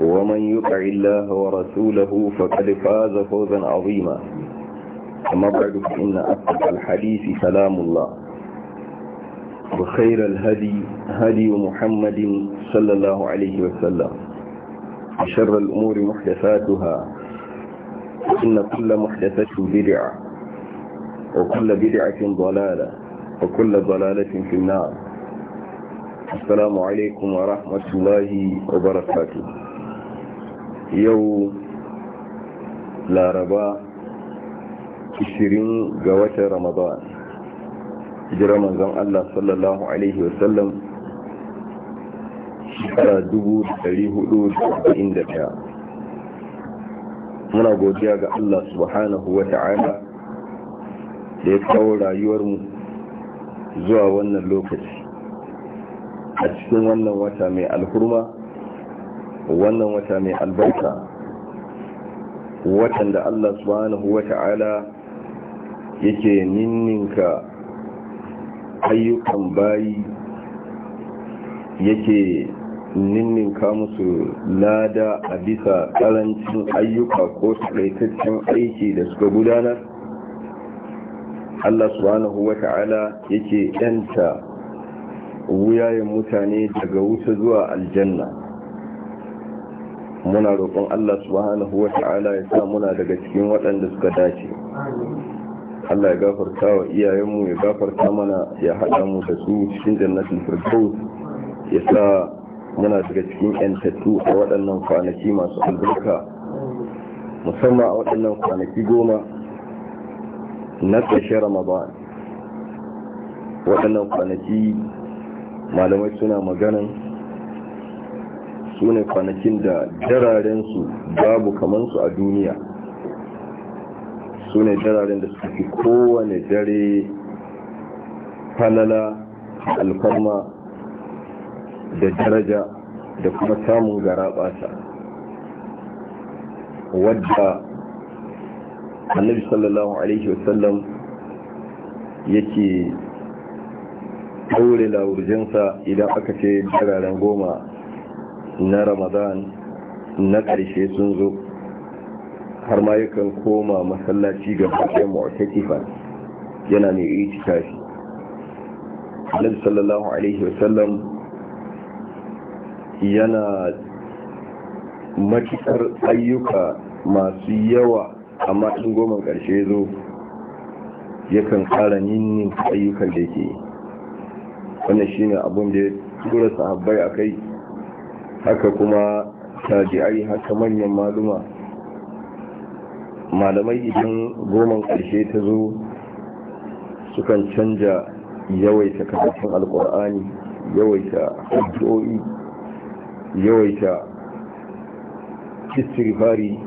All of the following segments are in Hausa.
ومن يطع الله ورسوله فقد فاز فوزا عظيما أما بعد فإن أصدق الحديث سلام الله وخير الهدي هدي محمد صلى الله عليه وسلم وشر الأمور محدثاتها إن كل محدثة بدعة وكل بدعة ضلالة وكل ضلالة في النار السلام عليكم ورحمة الله وبركاته yau laraba 20 ga watan ramadan jira manzon Allah sallallahu alaihi wasallam shekara 441 muna godiya ga Allah subhanahu wa ta'ala da ya kawo rayuwarmu zuwa wannan lokaci a cikin wannan wata mai alhurma wannan wata mai albarka watan da Allah subhanahu wata'ala yake ninninka ayyukan bayi yake ninninka musu lada a bisa karancin ayyuka ko takaitaccen aiki da suka gudanar Allah subhanahu wata'ala yake yanta wuyayen mutane daga wuta zuwa aljanna muna roƙon Allah subhanahu wa ta'ala ya sa muna daga cikin waɗanda suka dace Allah ya gafarta wa iyayenmu ya gafarta mana ya haɗa mu da su cikin jannatin firdaus ya sa muna daga cikin yantattu a waɗannan kwanaki masu albarka musamman a waɗannan kwanaki goma na ƙarshen ramadan waɗannan kwanaki malamai suna maganan su ne kwanakin da dararensu babu kamansu a duniya su ne jararen da suka fi kowane dare falala alfarma da daraja da kuma samun garaɓasa wadda annabi sallallahu alaihi wasallam yake daure laurujinsa idan aka ce jararen goma na ramadan na ƙarshe sun zo har ma yakan koma masallaci ga bakin mu'takifa yana mai itikafi annabi sallallahu alaihi wasallam yana matukar ayyuka masu yawa amma in goma ƙarshe zo yakan ƙara ninnin ayyukan da ke wannan shine abin da ya tura sahabbai a kai haka kuma tabi'ai haka manyan maluma malamai idan goman ƙarshe ta zo sukan canja yawaita karatun alkur'ani yawaita addu'o'i yawaita istighfari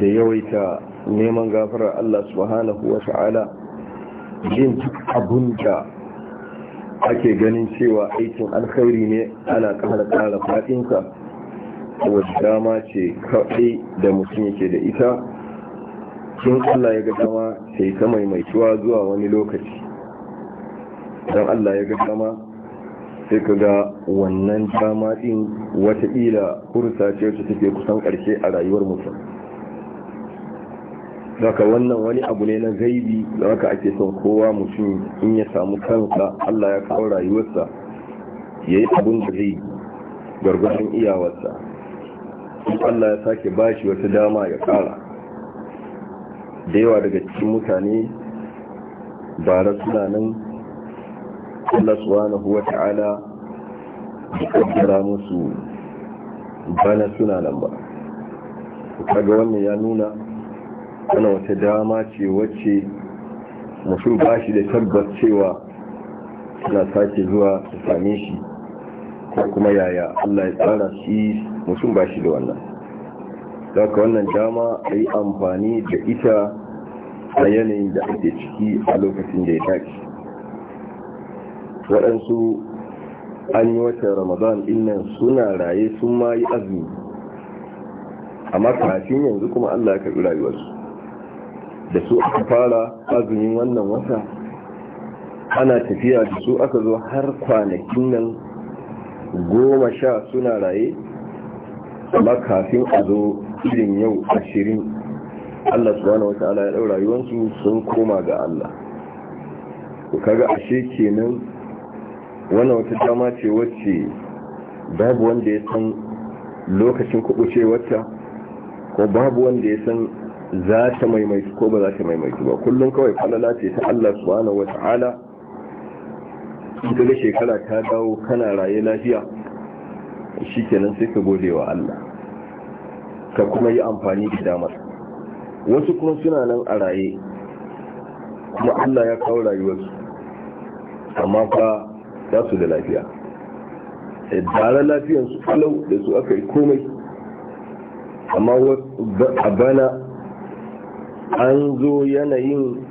da yawaita neman gafarar Allah subhanahu wa ta'ala yin duk abun ake ganin cewa aikin alkhairi ne ana ƙara kara fadinsa wadda dama ce kaɗai da mutum yake da ita kin allah ya ga dama sai ta maimaituwa zuwa wani lokaci don allah ya ga dama sai ka ga wannan dama ɗin wataƙila kursa ce wacce take kusan ƙarshe a rayuwar mutum daga wannan wani abu ne na gaibi da haka ake son kowa mutum in ya samu kansa Allah ya kawo rayuwarsa ya yi abin da zai gargadon iyawarsa Allah ya sake bashi wata dama ya kara da yawa daga cikin mutane bara suna nan Allah subhanahu wa ta'ala da kaddara musu bana suna nan ba kaga wannan ya nuna wani wata dama ce wacce mutum ba shi da tabbas cewa suna sake zuwa su same shi ko kuma yaya allah ya tsara shi mutum ba shi da wannan daga wannan dama a yi amfani da ita a yanayin da ake ciki a lokacin da ya tashi waɗansu an yi watan ramadan innan suna raye sun ma yi azumi amma kafin yanzu kuma allah ya karɓi rayuwarsu da su aka fara azumin wannan wata ana tafiya da su aka zo har kwanakin nan goma sha suna raye amma kafin a zo irin yau ashirin Allah subhanahu wa ta'ala ya ɗaura rayuwarsu sun koma ga Allah ku kaga ashe kenan wannan wata dama ce wacce babu wanda ya san lokacin kuɓuce wata ko babu wanda ya san za ta maimaitu ko ba za ta maimaitu ba kullum kawai falala ce ta Allah subhanahu wata'ala ka da shekara ta dawo kana raye lafiya shi kenan sai ka gode wa Allah ka kuma yi amfani da damar wasu kuma suna nan a raye kuma Allah ya kawo rayuwarsu amma fa za su da lafiya eh, lafiyar su kalau da su aka yi komai amma a bana an zo yanayin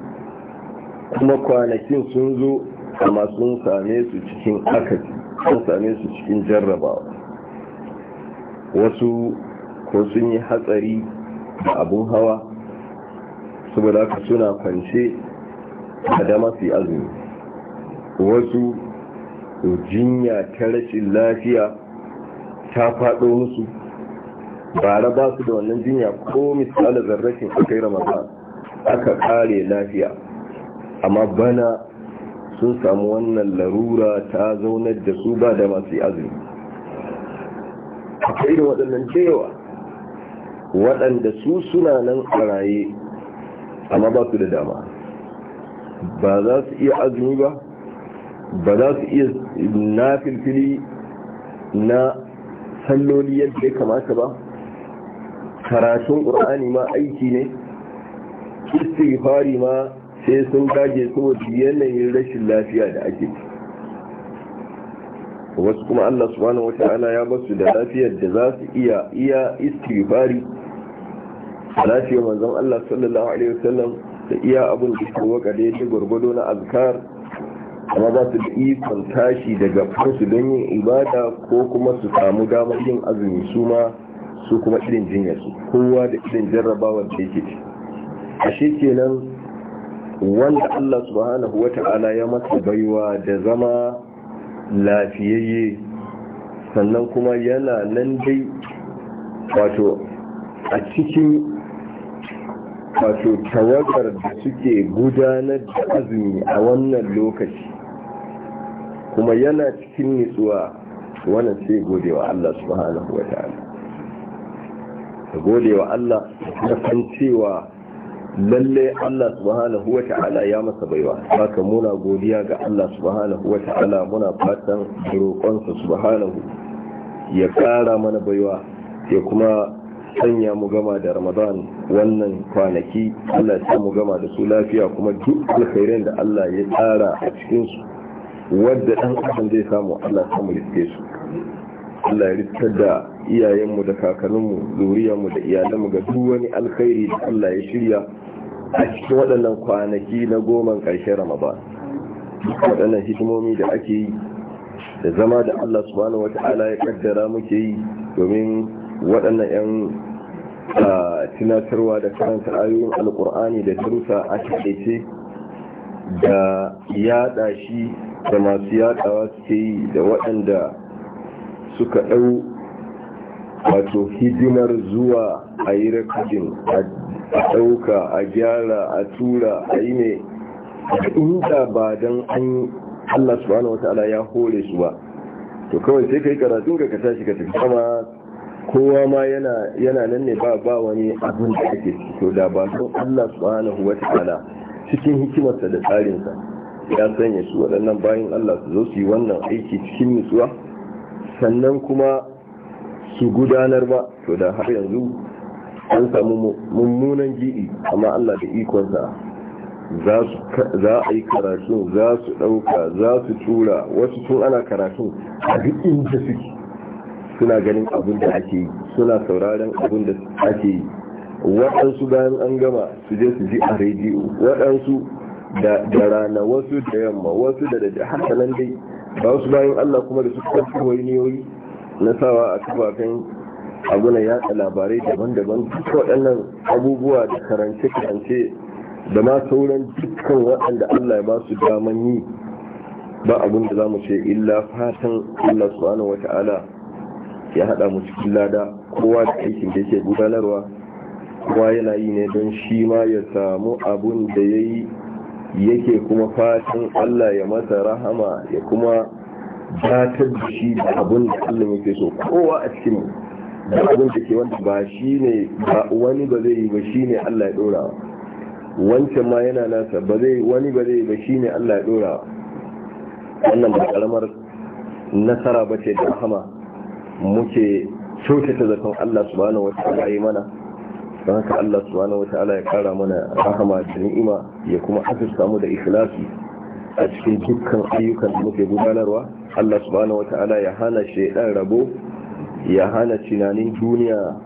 kuma kwanakin sun zo amma sun same su cikin akasi sun same su cikin jarrabawa wasu ko sun yi hatsari da abun hawa saboda ka suna kwance a dama su azumi wasu jinya ta rashin lafiya ta faɗo musu bara ba su da wannan jinya ko misali zarrashin a kai ramadan aka kare lafiya amma bana sun samu wannan larura ta zaunar da su ba da masu azumi akwai da waɗannan cewa waɗanda su suna nan a raye amma ba su da dama ba za su iya azumi ba ba za su iya na filfili na salloli yadda ya kamata ba karatun ƙur'ani ma aiki ne istighfari ma sai sun dage saboda yanayin rashin lafiya da ake wasu kuma Allah subhanahu ta'ala ya basu da lafiyar da za su iya iya istighfari lafiyar manzon Allah sallallahu alaihi wasallam da iya abun da ke waka da yake gurgudo na azkar amma za su da ikon tashi daga farsu don yin ibada ko kuma su samu damar yin azumi su ma su kuma irin jinya su kowa da irin jarrabawar da yake ci a shi kenan wanda Allah subhanahu wa ta'ala ya masa baiwa da zama lafiyayye sannan kuma yana nan dai wato a cikin wato tawagar da suke gudanar da azumi a wannan lokaci kuma yana cikin nitsuwa wannan sai gode wa Allah subhanahu wa ta'ala ka gode wa Allah na san cewa lalle Allah subhanahu wa ta'ala ya masa baiwa haka muna godiya ga Allah subhanahu wa ta'ala muna fatan roƙonsa subhanahu ya ƙara mana baiwa ya kuma sanya mu gama da Ramadan wannan kwanaki Allah ya mu gama da su lafiya kuma duk alkhairin da Allah ya tsara a cikin su wadda dan adam zai samu Allah ya samu riske su Allah ya riskar da iyayenmu da kakanninmu zuriyarmu da iyalanmu ga duk wani alkhairi da Allah ya shirya a cikin waɗannan kwanaki na goma ƙarshen ramadan waɗannan hikimomi da ake yi da zama da Allah subhanahu wata'ala ya kaddara muke yi domin waɗannan 'yan tunatarwa da karanta ayoyin alkur'ani da turuta a cikin da yaɗa shi da masu yaɗawa suke yi da waɗanda suka ɗau wato hidimar zuwa a yi rikicin, a ɗauka a gyara a tura a yi ne inda ba don an Allah subhanahu wata'ala ya hore su ba to kawai sai ka yi karatun ka tashi ka tafi kama kowa ma yana nan ne ba ba wani abin da ake to da ba don Allah subhanahu wata'ala cikin hikimarsa da tsarinsa ya sanya su waɗannan bayan Allah su zo su yi wannan aiki cikin nutsuwa sannan kuma su gudanar ba to da har yanzu an samu mummunan ji'i amma Allah da ikonsa za a yi karatun za su ɗauka za su tura wasu tun ana karatun a duk inda suke suna ganin abin da ake yi suna sauraron abin da ake yi waɗansu bayan an gama su je su ji a rediyo waɗansu da rana wasu da yamma wasu da da haka dai ba su bayan Allah kuma da su kwanci wani na sawa a kafafen abu na yatsa labarai daban-daban duk waɗannan abubuwa da karance-karance da ma sauran dukkan waɗanda Allah ya ba su daman yi ba abin da za mu ce illa fatan Allah subhanahu wata'ala ya haɗa mu cikin lada kowa da aikin da yake gudanarwa kowa yana yi ne don shi ma ya samu abun da ya yi yake kuma fatan Allah ya masa rahama ya kuma datar da shi da abin da Allah yake so kowa a cikin mu da abin da ke wanda ba shi ne ba wani ba zai yi ba shi ne Allah ya dora wancan ma yana nasa ba zai wani ba zai yi ba shi ne Allah ya dora wannan ba karamar nasara ba ce da rahama muke kyautata zaton Allah subhanahu wa ta'ala yi mana don haka Allah subhanahu wa ta'ala ya kara mana rahama da ni'ima ya kuma hafiz samu da ikhlasi a cikin dukkan ayyukan da muke gudanarwa Allah subhanahu wata'ala ya hana shaidan rabo ya hana tunanin duniya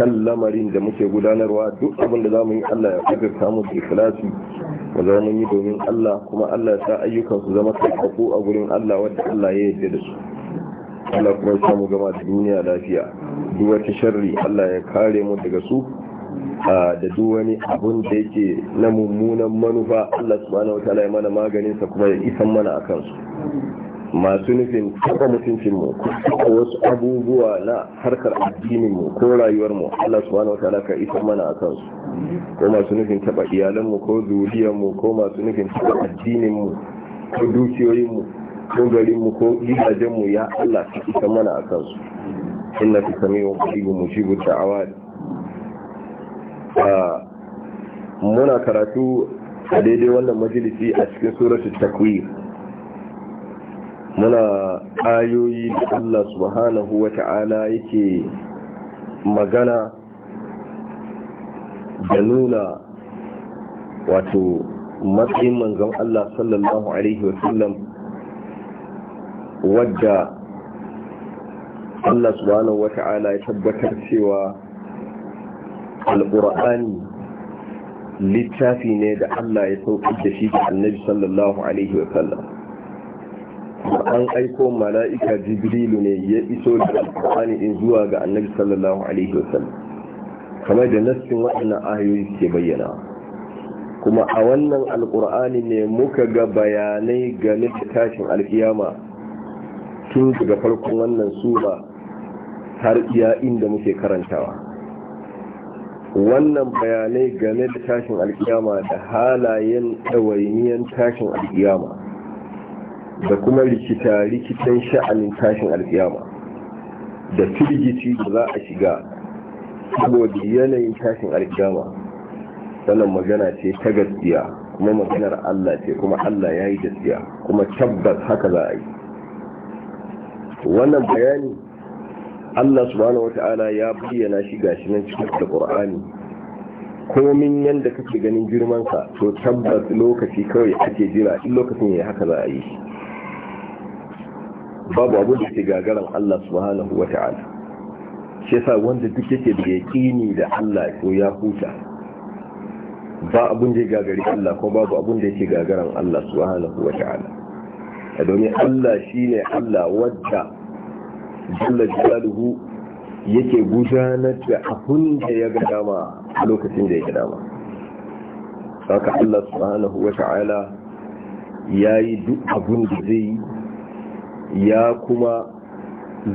kan lamarin da muke gudanarwa duk abin da zamu yi Allah ya kafa samu da ikhlasi wa zamu yi domin Allah kuma Allah ya sa ayyukan su zama tsakaku a gurin Allah wanda Allah ya yarda da su Allah kuma ya samu gama da duniya lafiya duk wata sharri Allah ya kare mu daga su da duk wani abun da yake na mummunan manufa Allah subhanahu ta'ala ya mana maganin sa kuma ya isan mana akan su masu nufin taɓa mutuncinmu ko wasu abubuwa na harkar addininmu ko rayuwarmu Allah subhanahu wa ta'ala ka isa mana a kansu ko masu nufin taɓa iyalanmu ko zuriyarmu ko masu nufin taɓa addininmu ko dukiyoyinmu ko garinmu ko gidajenmu ya Allah ka isa mana a kansu inna fi sami'u qaribu mujibu da'awat muna karatu a daidai wannan majalisi a cikin suratul takwir muna ayoyi da Allah subhanahu wa ta'ala yake magana da nuna wato matsayin manzan Allah sallallahu Alaihi wasallam wadda Allah subhanahu wa ta'ala ya tabbatar cewa al'ur'ani littafi ne da Allah ya sauƙi da shi da annabi sallallahu Alaihi wasallam an aiko mala'ika jibrilu ne ya iso da alƙur'ani in zuwa ga annabi sallallahu alaihi wasallam kamar da nassin waɗannan ayoyi ke bayyana kuma a wannan alƙur'ani ne muka ga bayanai game da tashin alkiyama tun daga farkon wannan sura har iya inda muke karantawa wannan bayanai game da tashin alkiyama da halayen ɗawainiyan tashin alkiyama da kuma rikita rikitan sha'anin tashin alkiyama da firgici da za a shiga saboda yanayin tashin alkiyama wannan magana ce ta gaskiya kuma maganar Allah ce kuma Allah ya yi gaskiya kuma tabbas haka za a yi wannan bayani Allah subhanahu wa ta'ala ya bayyana shi gashi nan cikin ko komin yadda kake ganin girmansa to tabbas lokaci kawai ake jira in lokacin ya haka za a yi babu abin da ke gagarar Allah subhanahu wa ta'ala shi sa wanda duk yake da kini da Allah ko ya huta ba abin da ya gagari Allah ko babu abin da ke gagarar Allah subhanahu wa ta'ala domin Allah shi ne Allah wadda jalla jalaluhu yake gudanar da abin da ya ga dama a lokacin da ya ga dama saka Allah subhanahu wa ta'ala ya yi duk abin da zai yi ya kuma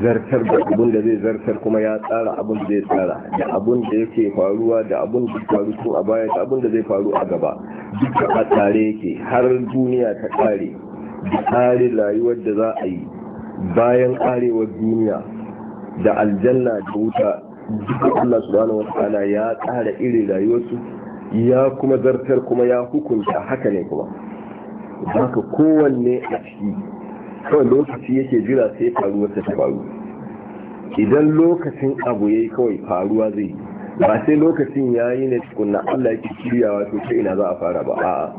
zartar da abin da zai zartar kuma ya tsara abin da zai tsara da abin da yake faruwa da abin da faru tun a baya da abin da zai faru a gaba duka a tsare yake har duniya ta kare da tsare rayuwar da za a yi bayan karewar duniya da aljanna da wuta duka Allah subhanahu wataala ya tsara irin rayuwarsu ya kuma zartar kuma ya hukunta haka ne kuma haka kowanne a ciki kawai lokaci yake jira sai wata ta faru idan lokacin abu ya yi kawai faruwa zai ba sai lokacin ya yi ne tukunna Allah yake shiryawa to ta ina za a fara ba a'a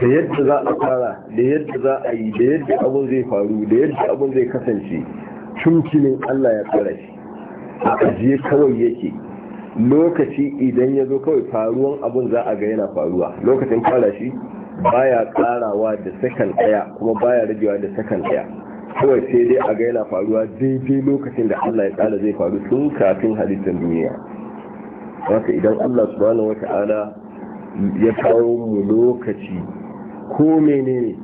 da yadda za a fara da yadda za a yi da yadda abun zai faru da yadda abun zai kasance tunkinin Allah ya tsara shi a ajiye kawai yake lokaci idan ya zo kawai faruwan abun za a ga yana faruwa lokacin fara shi baya karawa da sakan daya kuma baya ragewa da sakan daya kawai sai dai a ga yana faruwa daidai lokacin da Allah ya tsara zai faru tun kafin halittar duniya haka idan Allah subhanahu wata'ala ya kawo mu lokaci ko menene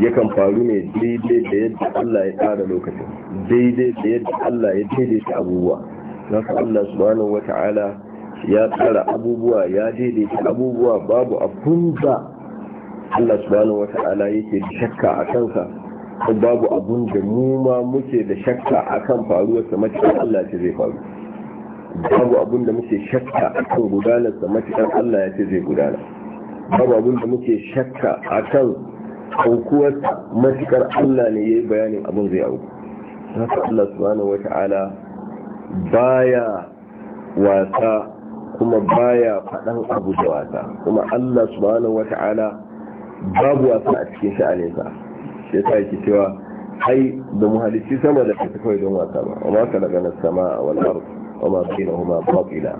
yakan faru ne daidai da yadda Allah ya tsara lokacin daidai da yadda Allah ya daidaita abubuwa haka Allah subhanahu wata'ala ya tsara abubuwa ya daidaita abubuwa babu abun da Allah subhanahu ta'ala yake da shakka a kansa ko babu abun da mu ma muke da shakka akan faruwar sa mace Allah ce zai faru babu abun da muke shakka akan gudanar sa mace Allah ya ce zai gudana babu abun da muke shakka akan aukuwar matakar Allah ne yayi bayanin abun zai auku Allah subhanahu ta'ala baya wasa kuma baya faɗan abu da wasa kuma Allah subhanahu wata'ala babu wasa a cikin sha'aninsa sai ta yake cewa ai da muhalici sama da kai kawai don wasa ba amma ka daga na sama a wani arzu amma kai na huma baƙila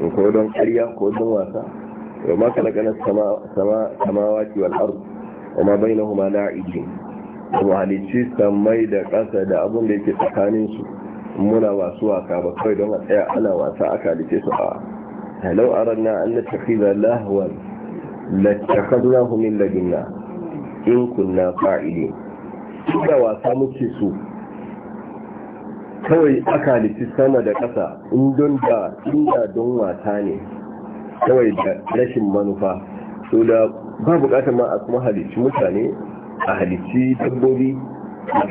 in kawai don ƙarya ko don wasa amma ka daga na sama ki wani arzu amma bai na huma na'iji muhalici samai da ƙasa da abin da yake tsakaninsu muna wasu waka ba kawai don a tsaya ana wasa aka halice su a لو أردنا أن نتخذ لهوا لاتخذناه من لدنا إن كنا فاعلين da wasa muke so kawai aka liti sama da ƙasa inda inda don wasa ne kawai da rashin manufa so da ba bukatar ma a kuma halicci mutane a halicci dabbobi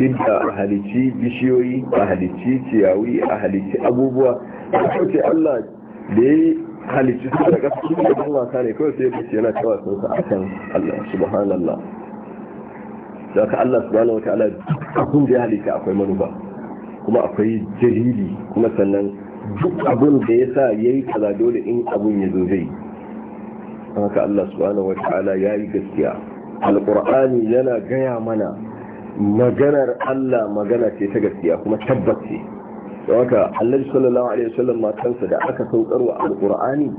fidda a halicci bishiyoyi a halicci ciyawi a halicci abubuwa da ce Allah da ya halicci su da ƙasa su da wasa ne kawai sai kace yana cewa sun sa akan Allah subhanallah da ka Allah subhanahu wataala abin da ya halitta akwai manufa kuma akwai dalili kuma sannan duk abin da ya sa yayi kaza dole in abin ya zo zai haka Allah subhanahu wataala yayi gaskiya alqur'ani yana gaya mana maganar Allah magana ce ta gaskiya kuma tabbace da waka annabi sallallahu alaihi wasallam matansa da aka saukarwa alqur'ani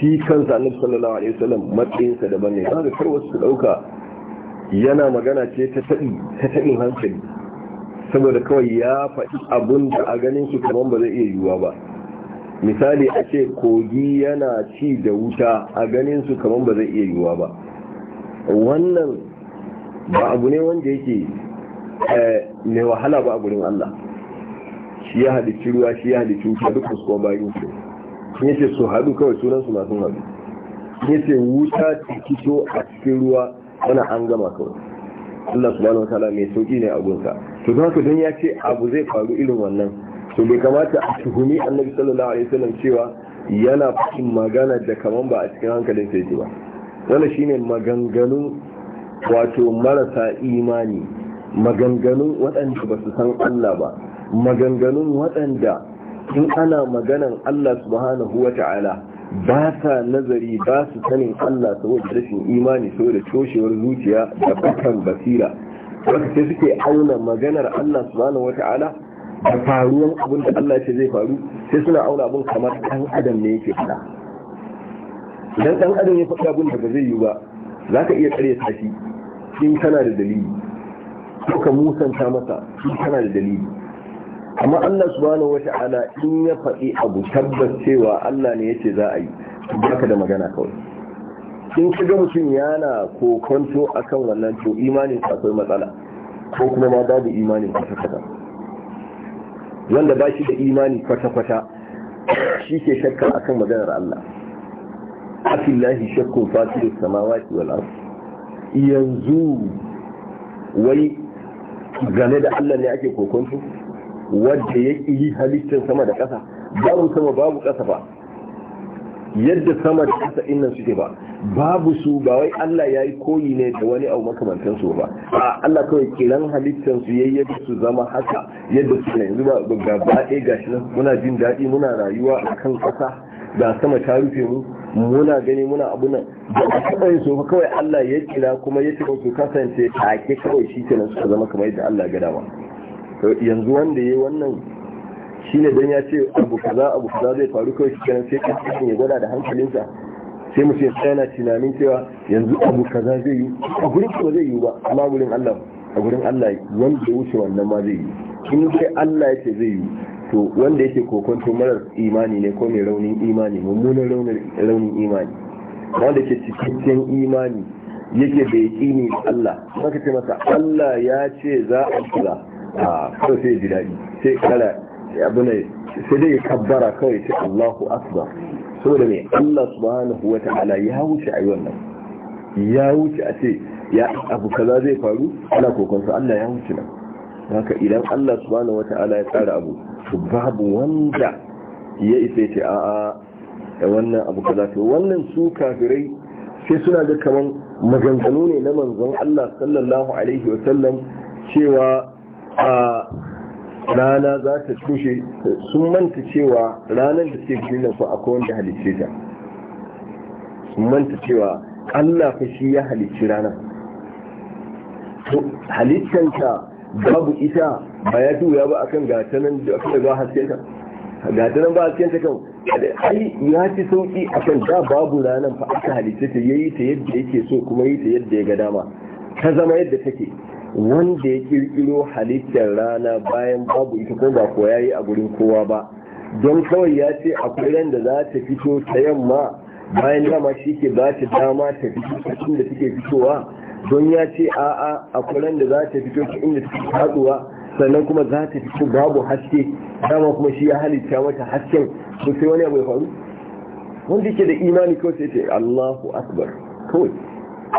shi kansa annabi sallallahu alaihi wasallam matsayinsa daban ne kaga kar su dauka yana magana ce ta tadi ta tadi hankali saboda kawai ya faɗi abun da a ganin su kaman ba zai iya yiwuwa ba misali a ce kogi yana ci da wuta a ganin su kaman ba zai iya yiwuwa ba wannan ba abu ne wanda yake eh, mai wahala ba a gurin Allah shi ya haɗi ruwa shi ya haɗi cuta duk su kuma bayan su sun yace su haɗu kawai sunansu masu haɗu sun yace wuta ta fito a cikin ruwa wani an gama kawai Allah su wa wata mai sauƙi ne a gunsa to don haka don ya ce abu zai faru irin wannan to bai kamata a tuhumi annabi sallallahu alaihi wasallam cewa yana fashin magana da kaman ba a cikin hankalin sai ji ba wannan shine maganganun wato marasa imani maganganun waɗanda ba su san Allah ba maganganun waɗanda in ana maganan Allah subhanahu wa ta'ala ba sa nazari ba su sanin Allah saboda rashin imani da coshewar zuciya da bakan basira wata ce suke auna maganar Allah subhanahu ta’ala da faruwan abin da Allah ce zai faru sai suna auna abin kamar ɗan adam ne yake fada idan ɗan adam ya faɗi abin da ba zai yi ba za ka iya tsare sashi. shi in kana da dalili ko ka musanta masa in kana da dalili amma Allah subhanahu ta'ala in ya faɗi abu tabbas cewa Allah ne yace za a yi baka da magana kawai in ka ga mutum yana kokonto akan wannan to imanin sa akwai matsala ko kuma ma babu imanin kwata-kwata wanda ba shi da imani kwata-kwata shi ke shakka akan maganar Allah afillahi shakkun fasirin samawati wal ardh yanzu wai game da Allah ne ake kokonto wadda ya yi halittar sama da ƙasa babu sama babu ƙasa ba yadda sama da ƙasa innan suke ba babu su ba wai Allah ya yi koyi ne da wani abu makamantan ba a Allah kawai kiran halittar su yayi yadda su zama haka yadda su ne yanzu ba gaba ɗaya gashi eh, nan muna jin daɗi muna rayuwa a kan ƙasa ga sama ta rufe mu muna gani muna abu nan da taɓa yin sofa kawai Allah ya kira kuma ya ce su kasance take kawai shi ke nan suka zama kamar yadda Allah ya ga ba. yanzu wanda ya yi wannan shi ne don ya ce abu kaza abu kaza zai faru kawai shi kenan sai kan ya gwada da hankalinsa sai mutum ya yana tunanin cewa yanzu abu kaza zai yi a gurin kuma zai yi ba amma gurin Allah a gurin Allah wanda ya wuce wannan ma zai yi in sai Allah ya ce zai yi to wanda yake kokonto marar imani ne ko mai raunin imani mummunan raunin imani wanda ke cikakken imani yake da yaƙini Allah maka ce masa Allah ya ce za a kula a kawai sai ji daɗi sai kara abu ne sai dai kabbara kawai sai Allahu akbar saboda mai Allah subhanahu wa ta'ala ya wuce a wannan ya wuce a ce ya abu kaza zai faru ana kokon su Allah ya wuce nan haka idan Allah subhanahu wa ta'ala ya tsara abu to babu wanda ya isa ce a'a da wannan abu kaza to wannan su kafirai sai suna da kaman maganganu ne na manzon Allah sallallahu alaihi wa sallam cewa a rana za ta tushe sun manta cewa ranar da ke gina su a kowanda halice ta sun manta cewa allah fa shi ya halicci rana halittanta babu ita ba ya tuya ba akan gatanan da aka ga haskenta gatanan ba haskenta kan ai ya ci sauki akan da babu ranar fa aka halice ta yayi ta yadda yake so kuma yi ta yadda ya ga dama ta zama yadda take wanda ya kirkiro halittar rana bayan babu ita ko ba kuwa yayi a gurin kowa ba don kawai ya ce akwai ran da za ta fito ta yamma bayan dama shi ke ba ta dama ta fito ta inda take fitowa don ya ce a'a akwai ran da za ta fito ta inda take faduwa sannan kuma za ta fito babu haske dama kuma shi ya halitta mata hasken to sai wani abu ya faru wanda yake da imani kawai sai ce Allahu akbar kawai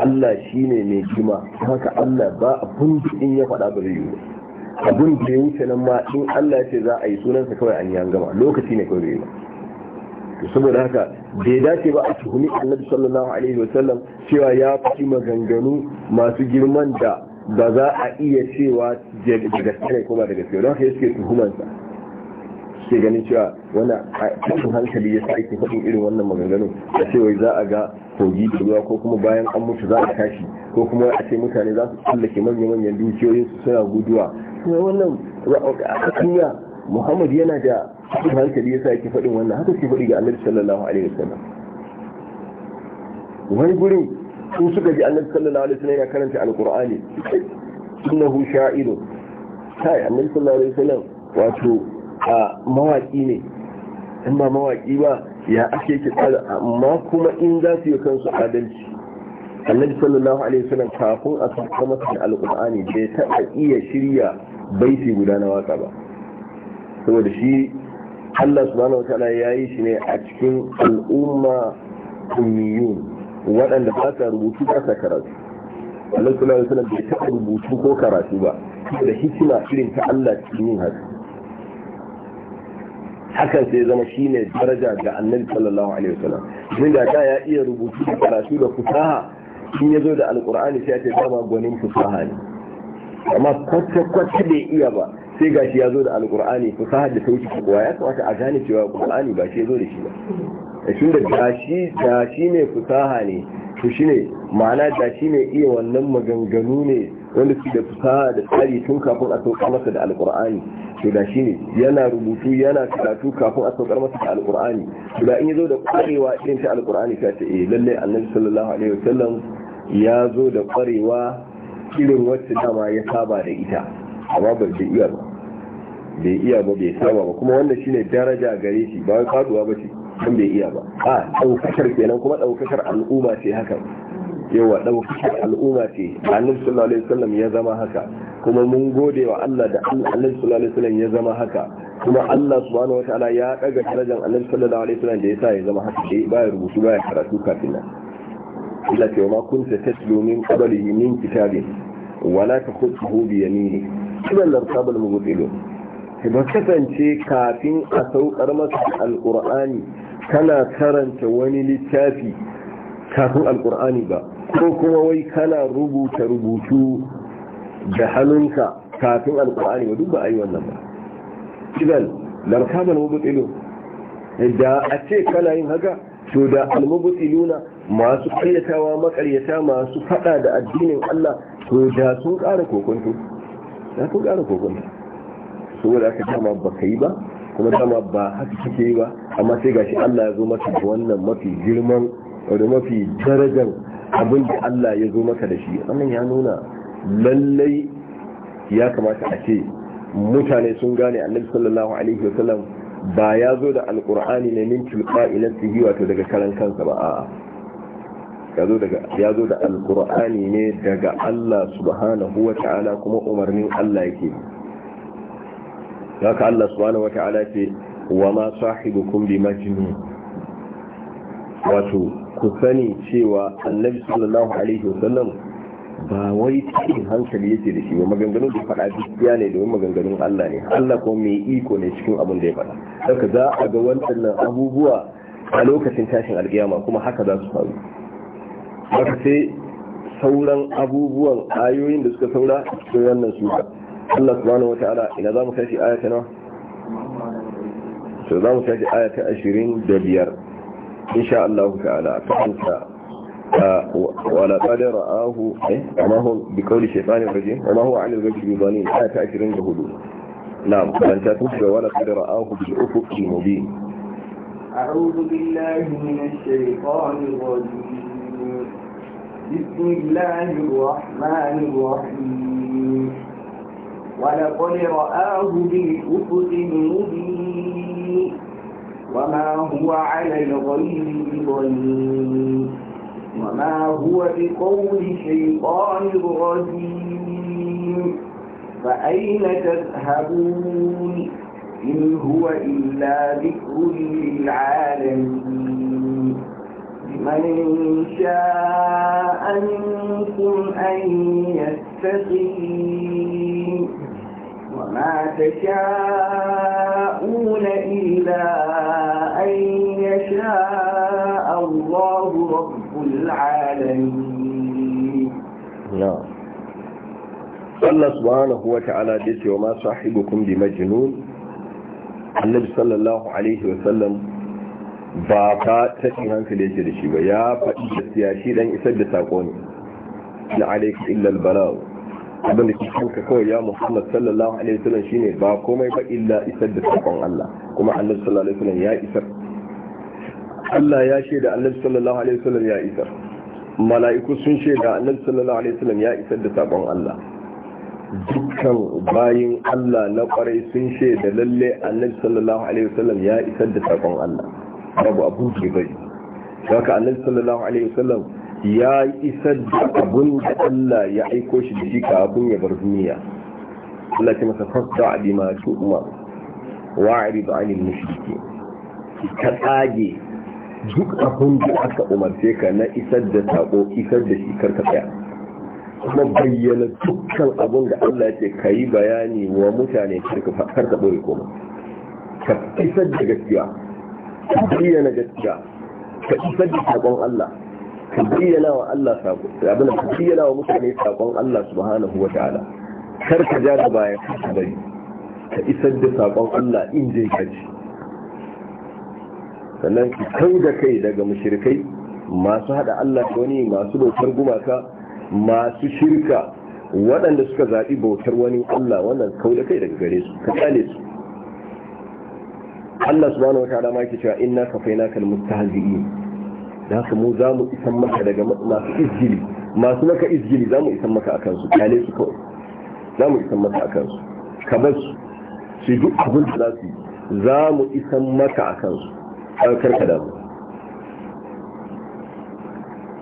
Allah shi ne mai jima haka Allah ba abun in ya faɗa ba zai yi abun da ya wuce nan ma in Allah ce za a yi sunansa kawai an yi an gama lokaci ne kawai zai to saboda haka bai dace ba a tuhumi annabi sallallahu alaihi wa sallam cewa ya fi maganganu masu girman da ba za a iya cewa daga gaske kuma da gaske don haka yake tuhumansa ke ganin cewa wani cikin hankali ya sa ke faɗin irin wannan maganganun a ce wai za a ga kogi da ruwa ko kuma bayan an mutu za a tashi ko kuma a ce mutane za su tsallake manya-manyan dukiyoyin su suna guduwa kuma wannan akasanya muhammad yana da cikin hankali ya sa ke faɗin wannan haka ke faɗi ga annabi sallallahu alaihi wasallam wani gurin sun suka ji annabi sallallahu alaihi wasallam yana karanta alqur'ani innahu sha'ilun kai annabi sallallahu alaihi wasallam wato a mawaƙi ne in ba mawaƙi ba ya ake ki tsada amma kuma in za su yi kansu adalci annabi sallallahu alaihi wasallam kafin a sauka masa da alƙur'ani bai taɓa iya shirya baiti guda na waka ba saboda shi Allah subhanahu wataala ya yi shi ne a cikin al'umma ummiyun waɗanda ba sa rubutu ba sa karatu Allah sallallahu alaihi wasallam bai taɓa rubutu ko karatu ba saboda hikima irin ta Allah cikin yin haka hakan sai zama shine daraja ga annabi sallallahu alaihi wasallam domin da ta ya iya rubutu da karatu da kusaha, in ya zo da alqur'ani sai ya ce dama gwanin kusaha ne amma kwata-kwata bai iya ba sai gashi ya zo da alqur'ani kusaha da sauki kuwa ya kamata a gane cewa alqur'ani ba shi ya zo da shi ba shi da gashi gashi ne kusaha ne to shine ma'ana gashi ne iya wannan maganganu ne wanda suke da fasaha da tsari tun kafin a saukar masa da alkur'ani to da shine yana rubutu yana karatu kafin a saukar masa da alkur'ani to da in yazo da kwarewa irin ta alkur'ani ta ce eh lalle annabi sallallahu alaihi wasallam ya zo da kwarewa irin wacce dama ya saba da ita amma bai da iya ba bai iya ba bai saba ba kuma wanda shine daraja gare shi ba wai faduwa ba ce bai iya ba a daukakar kenan kuma daukakar al'umma ce hakan yawa ɗaukar al'umma ce annabi sallallahu alaihi wasallam ya zama haka kuma mun gode wa Allah da annabi sallallahu alaihi wasallam ya zama haka kuma Allah subhanahu wataala ya daga darajar annabi sallallahu alaihi wasallam da ya sa ya zama haka dai ya rubutu ba ya karatu kafin nan illa ce ma kun kunta tatlu min qablihi min kitabin wala takhutuhu bi yamini idan lartab al mubtilun ba kasance kafin a saukar masa alqur'ani kana karanta wani littafi kafin alqur'ani ba ko kuma wai kana rubuta rubutu da hannunka kafin alkur'ani ba duk ba a yi wannan ba idan larkaman mabutsilu da a ce kana yin haka to da almubutsiluna masu ƙayyatawa makaryata masu faɗa da addinin Allah to da sun ƙara kokonto da sun ƙara kokonto wadda aka dama ba ka yi ba kuma dama ba haka kike yi ba amma sai ga shi Allah ya zo maka wannan mafi girman da mafi darajar abin da Allah ya zo maka da shi wannan ya nuna lallai ya kamata a ce mutane sun gane annabi sallallahu alaihi wa sallam ba ya zo da alqur'ani ne min tilqa ila sihi wato daga karan kansa ba a'a ya zo daga ya zo da alqur'ani ne daga Allah subhanahu wa ta'ala kuma umarnin Allah yake haka Allah subhanahu wa ta'ala ce wa ma sahibukum bi majnun wato ku sani cewa annabi sallallahu alaihi wasallam ba wai cikin hankali yake da shi ba maganganun da faɗa gaskiya ne domin maganganun Allah ne Allah ko mai iko ne cikin abin da ya faɗa saka za a ga wannan abubuwa a lokacin tashin alƙiyama kuma haka za su faru haka sai sauran abubuwan ayoyin da suka saura cikin wannan sura Allah subhanahu wata'ala ina za mu tashi aya ta nawa so za mu tashi aya ta 25 insha Allah ta'ala kanta wala qadara ra'ahu eh, amma hu bi qawli shaytanir rajim amma hu 'ala al-ghaybi dhanin ayat 24 na'am lan tatubba wala qadara ra'ahu bil ufuq أعوذ بالله من الشيطان الرجيم بسم الله الرحمن الرحيم ولقد رآه بالأفق المبين وما هو على الغيب بضنين وما هو بقول شيطان الرجيم فأين تذهبون إن هو إلا ذكر للعالمين لمن شاء منكم أن يستقيم وما تشاءون يشاءون إلا أن يشاء الله رب العالمين Allah subhanahu wa ta'ala da ce wa masu ahibukum bi majnun annabi sallallahu alaihi wa sallam ba ka tashin hankali yake da shi ba ya faɗi da shi dan isar da sako ne la alayka illa al abin da ke ka kawai ya muhammad sallallahu alaihi wasallam shine ba komai ba illa isar da sakon Allah kuma annabi sallallahu alaihi wasallam ya isar Allah ya shaida annabi sallallahu alaihi wasallam ya isar mala'iku sun shaida annabi sallallahu alaihi wasallam ya isar da sakon Allah dukkan bayin Allah na kwarai sun shaida lalle annabi sallallahu alaihi wasallam ya isar da sakon Allah babu abu da bai haka annabi sallallahu alaihi wasallam ya isar da abun da Allah ya aiko shi da shi kafin ya bar duniya Allah ce masa fasda bima tu'ma wa'rid 'anil Ki ka tsage duk abun da aka umarce ka na isar da sako isar da shi karka tsaya kuma bayyana dukkan abun da Allah ce ka yi bayani wa mutane karka ɓoye koma ka isar da gaskiya ka bayyana gaskiya ka isar da sakon Allah ka bayyana wa Allah sako abin da ka bayyana wa mutane sakon Allah subhanahu wa ta'ala kar ka ja da baya ka bari ka isar da sakon Allah in dai ka ji sannan ki kauda kai daga mushrikai masu hada Allah da wani masu bautar gumaka masu shirka waɗanda suka zaɓi bautar wani Allah wannan kauda kai daga gare su ka tsale su Allah subhanahu wa ta'ala ma yake cewa inna kafainaka almustahzi'in da haka mu za mu isan maka daga masu izgili masu maka izgili za mu isan maka a kansu kyale su kawai za mu isan maka a kansu kamar su su yi duk abin da za su yi za mu isan maka a kansu ɗaukar ka damu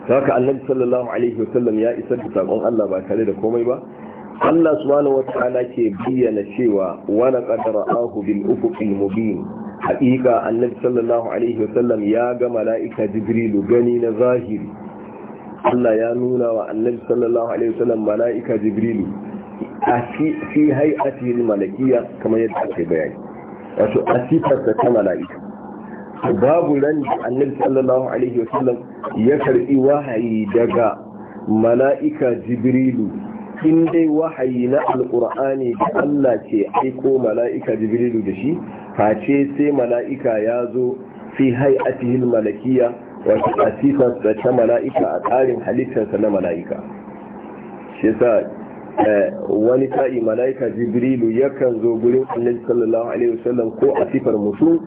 ta haka annabi sallallahu alaihi wasallam ya isar da saƙon allah ba tare da komai ba Allah subhanahu wa ta'ala ke bayyana cewa wani qadara ahu bil ufuqil mubin haƙiƙa annabi sallallahu alaihi wasallam ya ga mala'ika jibrilu gani na zahiri Allah ya nuna wa annabi sallallahu alaihi wasallam mala'ika jibrilu a fi hay'ati malakiya kamar yadda ake bayani wato a sifar ta mala'ika babu ran annabi sallallahu alaihi wasallam ya karbi wahayi daga mala'ika jibrilu in dai wahayi na alqur'ani da Allah ke aiko mala'ika jibrilu da shi face sai mala'ika ya zo fi hay'atihil malakiya wasu a sifarsa ta mala'ika a tsarin halittarsa na mala'ika shi sa eh, wani ta'i mala'ika jibrilu yakan zo gurin annabi sallallahu alaihi wasallam ko a sifar mutum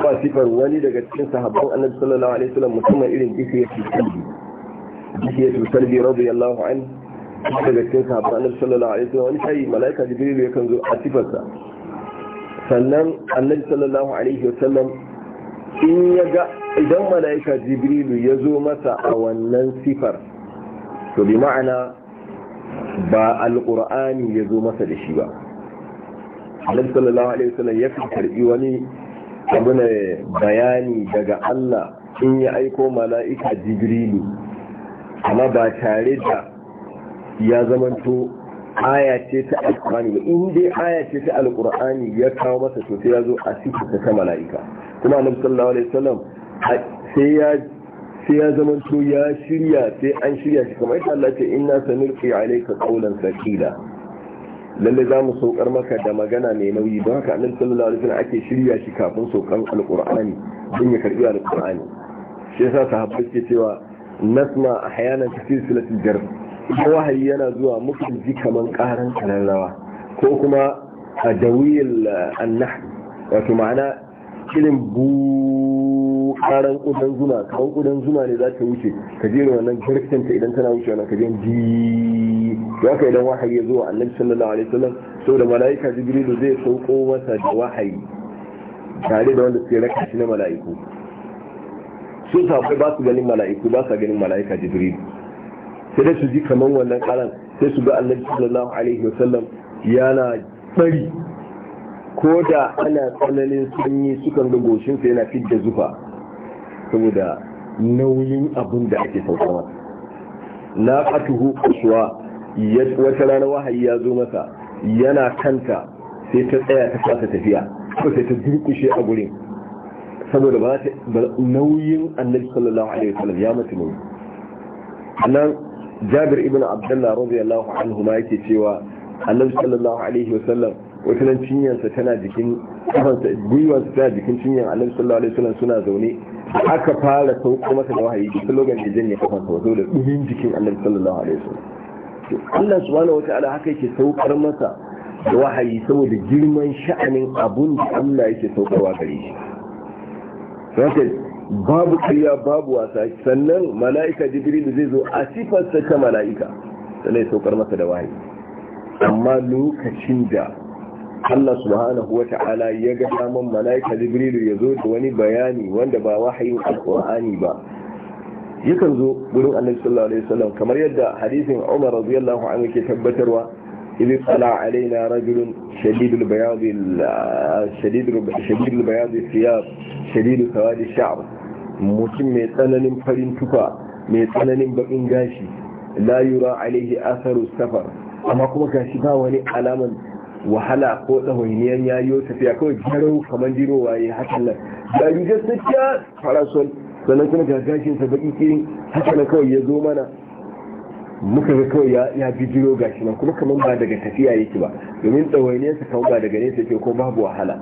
ko a sifar wani daga cikin sahabban annabi sallallahu alaihi wasallam musamman irin bishiyar tusarbi bishiyar tusarbi radiyallahu an daga cikin sahabban annabi sallallahu alaihi wasallam wani ta'i mala'ika jibrilu yakan zo a sifarsa sannan annabi sallallahu alaihi wasallam in ya ga idan mala'ika jibrilu ya zo masa a wannan sifar to bi ma'ana ba alqur'ani ya zo masa da shi ba annabi sallallahu alaihi wasallam ya karbi wani abu bayani daga Allah in ya aiko mala'ika jibrilu amma ba tare da ya zamanto aya ce ta alkur'ani ba in dai aya ce ta alkur'ani ya kawo masa to sai ya zo a ka ta mala'ika kuma annabi sallallahu alaihi wasallam sai ya sai ya zama to ya shirya sai an shirya shi kamar yadda Allah ce inna sanulqi alayka qawlan thaqila lalle za mu saukar maka da magana mai nauyi don haka annabi sallallahu alaihi wasallam ake shirya shi kafin saukan alkur'ani din ya karbi alkur'ani shi yasa sahabbai ke cewa nasma ahyanan fi silsilatil jarh idan wahayi yana zuwa muku ji kaman karan kararrawa ko kuma a dawil annah wato ma'ana irin bu karan kudan zuma kawan kudan zuma ne za ta wuce ka jera wannan garkanta idan tana wuce wannan ka jan ji haka idan wahayi ya zo annabi sallallahu alaihi wasallam da malaika jibrilu zai sauko masa da wahayi tare da wanda sai raka shi na mala'iku su sabai ba su ganin mala'iku ba sa ganin mala'ika jibrilu sai su ji kamar wannan karan sai su ga Allah sallallahu alaihi wasallam yana bari ko da ana tsananin sanyi sukan ga goshinsa yana fidda zufa saboda nauyin abin da ake saukawa na fatuhu kusuwa wata rana wahayi ya zo masa yana kanta sai ta tsaya ta fasa tafiya ko sai ta durkushe a gurin saboda ba nauyin annabi sallallahu alaihi wasallam ya mutu ne nan jabir ibn abdullah radiyallahu anhu ma yake cewa annabi sallallahu alaihi wasallam wata nan cinyansa tana jikin kafansa gwiwansa tana jikin cinyan annabi sallallahu alaihi wasallam suna zaune aka fara sauko masa da wahayi duk lokacin da janye kafansa wato da dumin jikin annabi sallallahu alaihi wasallam Allah subhanahu wataala haka yake saukar masa da wahayi saboda girman sha'anin abun da Allah yake saukarwa gare shi babu kariya babu wasa sannan mala'ika jibril zai zo a sifarsa ta mala'ika sannan ya saukar masa da wahayi amma lokacin da Allah subhanahu wata'ala ya ga daman mala'ika jibril ya zo da wani bayani wanda ba wahayin alqur'ani ba yakan zo gurin annabi sallallahu alaihi wasallam kamar yadda hadisin Umar radiyallahu anhu ke tabbatarwa إذ اطلع علينا رجل شديد البياض شديد شديد البياض الثياب mutum mai tsananin farin tufa mai tsananin bakin gashi la yura alaihi asaru safar amma kuma gashi ba wani alaman wahala ko ɗawainiyar yayo tafiya kawai jarau kamar jiro waye hakan nan da rigar sakiya farasol sannan kuma ga gashin sa baki kirin hakan nan kawai ya zo mana muka ga kawai ya bi jiro gashi nan kuma kamar ba daga tafiya yake ba domin ɗawainiyar sa kawai ba daga nesa ke ko babu wahala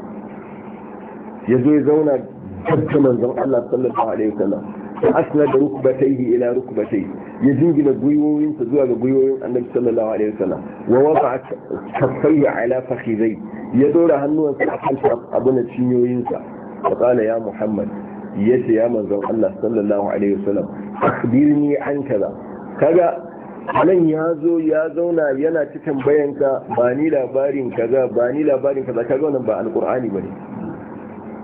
ya zo ya zauna tabta manzon Allah sallallahu alaihi wasallam asna da rukbatayhi ila rukbatayhi ya jingina gwiwoyinsa zuwa ga gwiwoyin annabi sallallahu alaihi wasallam wa wada kaffayhi ala fakhidai ya dora hannuwansa akan abun cinyoyinsa wa qala ya muhammad yace ya manzon Allah sallallahu alaihi wasallam akhbirni an kaza kaga nan ya zo ya zauna yana cikin bayanka ba ni labarin kaza ba ni labarin kaza kaga wannan ba alqur'ani bane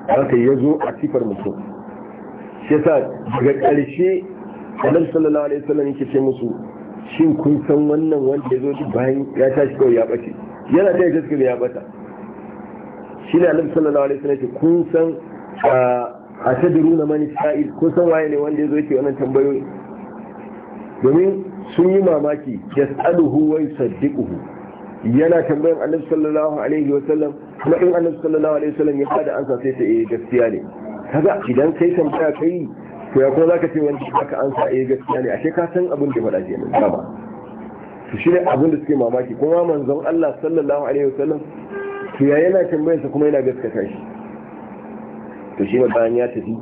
haka ya zo a sifar mutum shi yasa daga ƙarshe annabi sallallahu alaihi wasallam yake ce musu shin kun san wannan wanda ya zo bayan ya tashi kawai ya bace yana ta gaske da ya bata shi ne annabi sallallahu alaihi wasallam yake kun san a na mani sa'il kun san waye ne wanda ya zo yake wannan tambayoyi domin sun yi mamaki yas'aluhu wa yusaddiquhu yana tambayan annabi sallallahu alaihi wasallam kuma in annabi sallallahu alaihi wasallam ya bada ansa sai ta eh gaskiya ne kaga idan kai tambaya kai to ya kuma zaka ce wani baka ansa eh gaskiya ne ashe ka san abin da faɗa kenan ba to shi ne abin da suke mamaki kuma manzon Allah sallallahu alaihi wasallam to ya yana tambayar sa kuma yana gaskata shi to shi ne bayan ya tafi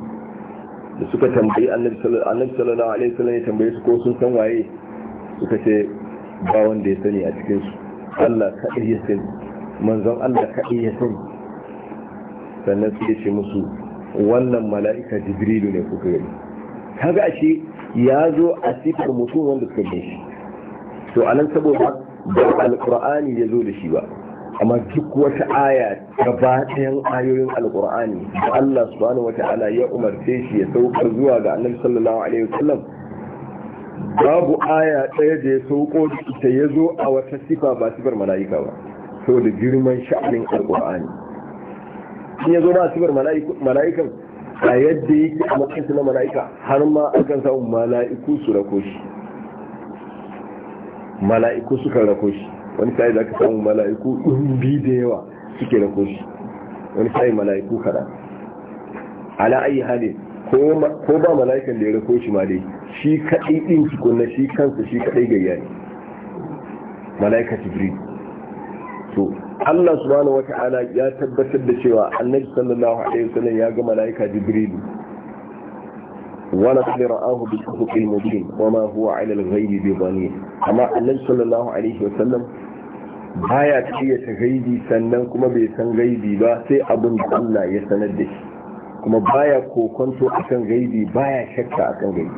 da suka tambayi annabi sallallahu alaihi wasallam ya tambaye su ko sun san waye suka ce ba wanda ya sani a cikin su Allah kaɗai ya sani manzon Allah kaɗai ya sani sannan sai ce musu wannan mala'ika jibrilu ne kuka gani kaga ashe ya zo a sifar mutum wanda suka gani shi to nan saboda ba Alƙur'ani ya zo da shi ba amma duk wata aya gaba ɗayan ayoyin Alƙur'ani da Allah subhanahu wata'ala ya umarce shi ya saukar zuwa ga annabi sallallahu alaihi wasallam babu aya ɗaya da ya sauko da ita ya zo a wata sifa ba sifar mala'ika ba da girman sha'anin alkur'ani in ya zo na asibar mala'ikan a yadda yake a matsayinsu na mala'ika har ma akan samu mala'iku su rako shi mala'iku kan rako shi wani sai za ka samu mala'iku ɗumbi da yawa suke rako shi wani sai mala'iku kada ala ayi hali ko ba mala'ikan da ya rako shi ma dai shi kaɗai ɗin cikin na shi kansa shi kaɗai gayya ne mala'ika jibril to Allah subhanahu wata'ala ya tabbatar da cewa annabi sallallahu alaihi wasallam ya ga malaika bi ولقد رآه wa ma huwa ala al الغيب bi أما amma annabi sallallahu alaihi wasallam baya ta gaibi sannan kuma bai san gaibi ba sai abin da Allah ya sanar da shi kuma baya kokonto akan gaibi baya shakka akan gaibi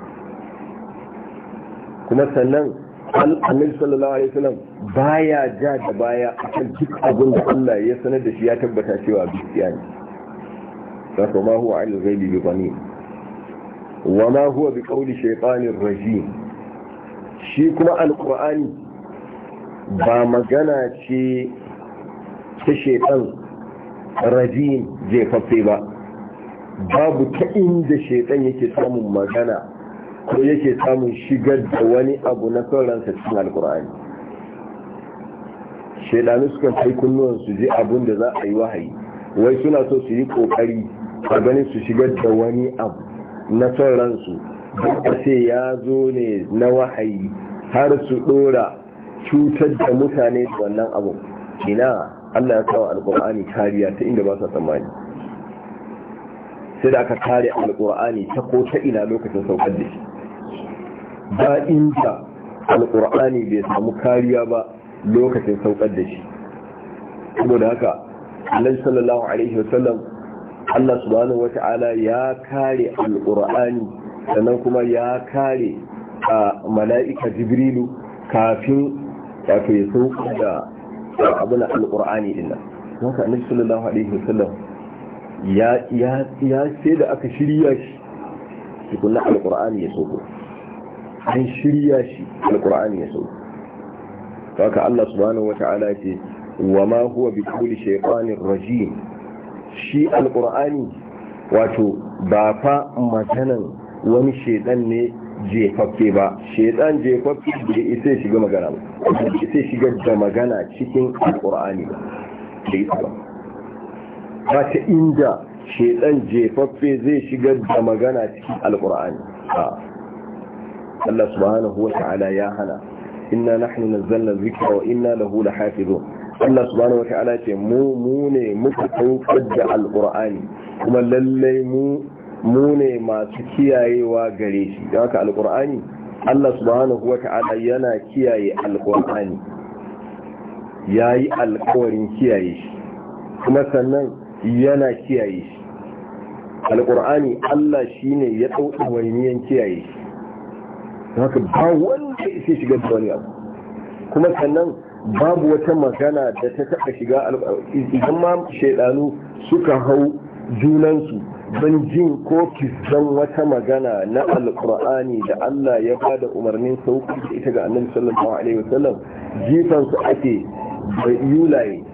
kuma sannan annabi sallallahu alaihi wasallam baya ja da baya akan duk abin da Allah ya sanar da shi ya tabbata cewa gaskiya ne fa ma huwa al ghaibi bi dhanin wa ma huwa bi qawli shaytanir rajim shi kuma alqur'ani ba magana ce ta shaytan rajim je fafe ba babu ta inda shaytan yake samun magana ko yake samun shigar da wani abu na sauransa cikin alkur'ani shaidanu sukan kai kunnuwan su ji abun da za a yi wahayi wai suna so su yi kokari a ganin su shigar da wani abu na sauransu duk sai ya zo ne na wahayi har su dora cutar da mutane da wannan abu ina Allah ya kawo alkur'ani kariya ta inda ba sa tsammani sai da aka kare alkur'ani ta ko ta ina lokacin saukar da shi ba inda alkur'ani bai samu kariya ba lokacin saukar da shi saboda haka annabi sallallahu alaihi wasallam Allah subhanahu wata'ala ya kare alkur'ani sannan kuma ya kare a mala'ika jibrilu kafin wato ya saukar da abin alkur'ani din nan haka annabi sallallahu alaihi wasallam ya ya ya sai da aka shirya shi tukunna alkur'ani ya saukar an shirya shi alkur'ani ya sauka haka Allah subhanahu wata'ala ce wa ma huwa bi kulli shaytanir rajim shi alkur'ani wato ba fa matanan wani shedan ne jefaffe ba shedan jefaffe da isa shiga magana ba isa shiga da magana cikin alkur'ani ba da isa ba ba ta inda shedan jefaffe zai shigar da magana cikin alkur'ani Allah subhanahu wa ta'ala ya hana inna nahnu nazzalna dhikra wa inna lahu lahafizun Allah subhanahu wa ta'ala ce mu mu ne muka saukar da alqur'ani kuma lalle mu mu ne masu kiyayewa gare shi don haka alqur'ani Allah subhanahu wa ta'ala yana kiyaye alqur'ani yayi alƙawarin kiyaye shi kuma sannan yana kiyaye shi alƙur'ani Allah shi ne ya ɗauɗa wainiyan kiyaye shi haka ba wanda ya shiga da wani abu kuma sannan babu wata magana da ta taɓa shiga idan ma shaidanu suka hau junansu don jin ko kizan wata magana na alkur'ani da Allah ya ba da umarnin sauƙi da ita ga annabi sallallahu alaihi wasallam jifan su ake da yulaye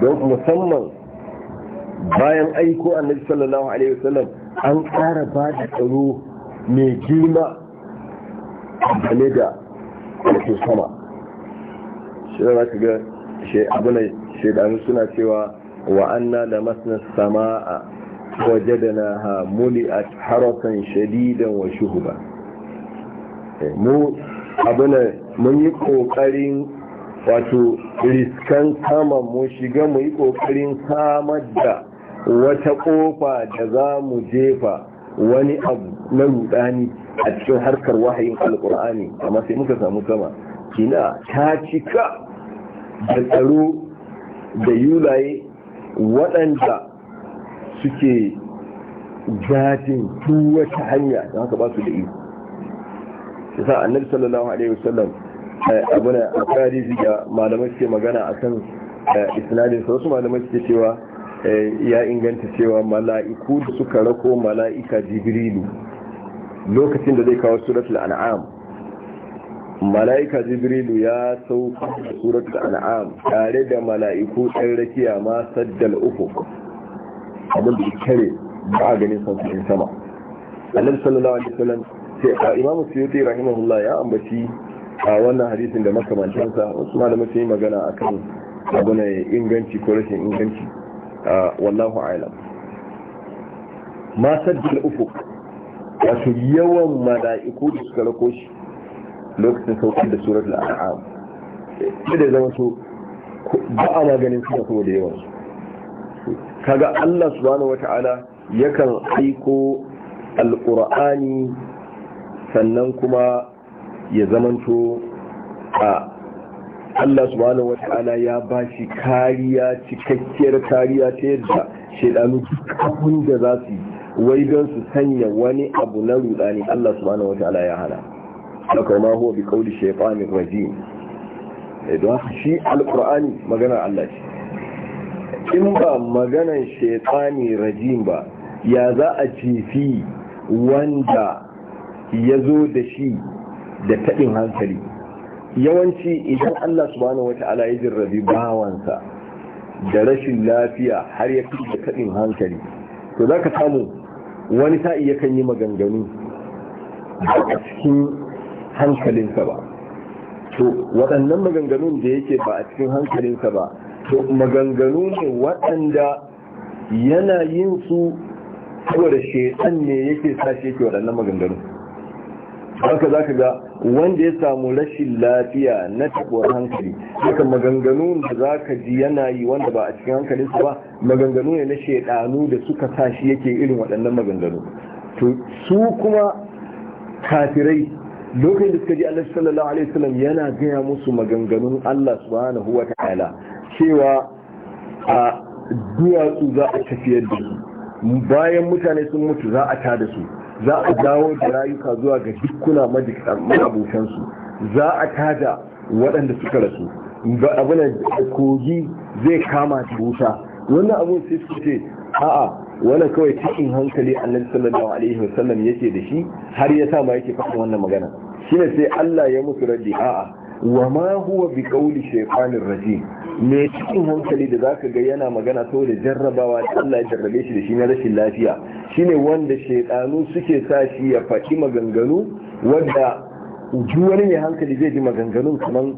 don musamman bayan aiko annabi sallallahu alaihi wasallam an ƙara ba da tsaro mai girma bane da wato sama shi da ka ga abinai shaidanu suna cewa wa'anna da masna sama'a na ha muli a harafin shadidan wa shuhuba eh, mu mun yi kokarin wato riskan saman mu shiga mu yi kokarin samar da wata ƙofa da za mu jefa wani abu na rudani a cikin harkar wahayin alkur'ani amma sai muka samu sama kina ta cika da tsaro da yulaye waɗanda suke jajin wata hanya da haka ba su da iko yasa annabi sallallahu alaihi wasallam eh, abuna akari da malamai suke magana akan eh, isnadin sa wasu malamai suke cewa eh, ya inganta cewa mala'iku da suka rako mala'ika jibrilu lokacin da zai kawo suratul an'am mala'ika jibrilu ya sauka suratul an'am tare da mala'iku ɗan rakiya ma saddal ufuk abin da kare ba a ganin sauƙin sama annabi sallallahu alaihi wasallam sai imam suyuti rahimahullah ya ambaci a wannan hadisin da sa wasu malamai sun yi magana akan abu ne inganci ko rashin inganci wallahu a'lam ma saddal ufuk wato yawan mala'iku da suka rako shi lokacin sauƙi da surat al'am shi da zama su ba a maganin suna kuma da yawan su kaga Allah subhanahu wata'ala yakan aiko alqur'ani sannan kuma ya zamanto a Allah subhanahu wata'ala ya bashi kariya cikakkiyar kariya ta yadda shaidanu duk abin da za su yi wai don su sanya wani abu na rudani Allah subhanahu wataala ya hana haka ma huwa bi qawli shaytanir rajim eh, don shi alqur'ani magana Allah ce in ba maganar shaytani rajim ba ya za a jifi wanda ya zo da shi da taɗin hankali yawanci idan Allah subhanahu wata'ala ya jirrabi bawansa da rashin lafiya har ya fi da taɗin hankali to za ka samu wani sa'i ya kan yi maganganu a cikin hankalinsa ba to waɗannan maganganun da yake ba a cikin hankalinsa ba to maganganu ne waɗanda yana yin su saboda shekan ne yake sa shi yake waɗannan maganganun haka za ka ga wanda ya samu rashin lafiya na tabuwar hankali haka maganganu da za ka ji yana yi wanda ba a cikin hankalinsa ba maganganu ne na shaidanu da suka sa shi yake irin waɗannan maganganu to su kuma kafirai lokacin da suka ji Allah sallallahu alaihi wasallam yana gaya musu maganganun Allah subhanahu wa ta'ala cewa a duwatsu za a tafiyar da su bayan mutane sun mutu za a ta da su za a dawo da rayuka zuwa ga dukkuna mabutansu za a tada waɗanda suka rasu abu da kogi zai kama ta wuta wannan abun sai su ce a'a wannan kawai cikin hankali annabi sallallahu alaihi wasallam yake da shi har ya sa ma yake faɗin wannan magana shine sai Allah ya musu raddi a'a wa ma huwa bi qawli shaytanir rajim me cikin hankali da zaka ga yana magana saboda jarrabawa Allah ya jarrabe shi da shi na rashin lafiya shine wanda shaytanu suke sa shi ya faɗi maganganu wanda ji wani mai hankali zai ji maganganun kaman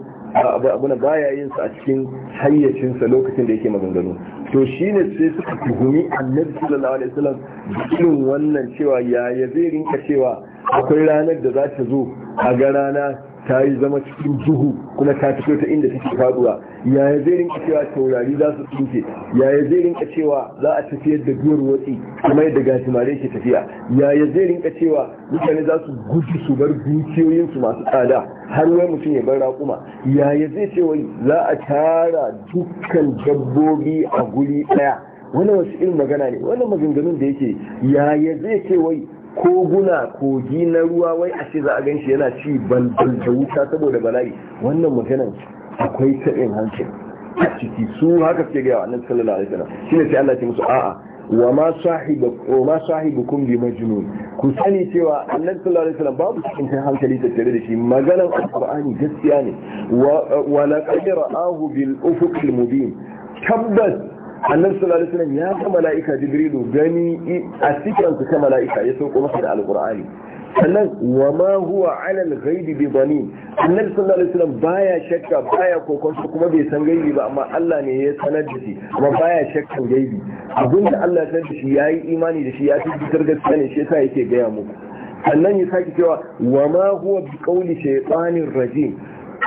abu na baya yin sa a cikin hayyacinsa lokacin da yake maganganu to shine sai suka tuhumi annabi sallallahu alaihi wasallam cikin wannan cewa ya zai rinka cewa akwai ranar da za ta zo a ga rana ta yi zama cikin duhu kuma ta fito ta inda take faduwa yaya zai rinka cewa taurari za su tsinke yaya zai rinka cewa za a tafiyar da duwar watsi kuma yadda gajimare ke tafiya yaya zai rinka cewa mutane za su guji su bar dukiyoyinsu masu tsada har wai mutum ya bar raƙuma yaya zai ce wai za a tara dukkan dabbobi a guri ɗaya wannan wasu irin magana ne wannan maganganun da yake yaya zai ce wai koguna kogi na ruwa wai a ce za a ganshi yana ci balbal da wuta saboda bala'i wannan maganan akwai taɓin hancin a ciki su haka ke gaya wa annabi sallallahu alaihi wasallam shine sai Allah ya musu a'a wa ma sahibu wa ma sahibukum bi majnun ku sani cewa annabi sallallahu alaihi wasallam babu cikin hankali da tattare da shi maganar alqur'ani gaskiya ne wa laqad ra'ahu bil ufuq mubin tabbas annabi sallallahu alaihi wasallam ya ga mala'ika jibrilu gani a cikin su ta mala'ika ya sauko masa da alqur'ani sannan wa ma huwa ala al-ghaibi bi dhanin annabi sallallahu alaihi wasallam baya shakka baya kokon kuma bai san gaibi ba amma Allah ne ya sanar da shi kuma baya shakkan gaibi abinda Allah ya sanar da shi yayi imani da shi ya tabbatar gaskiya ne shi yasa yake gaya muku sannan ya saki cewa wa ma huwa bi qawli shaytanir rajim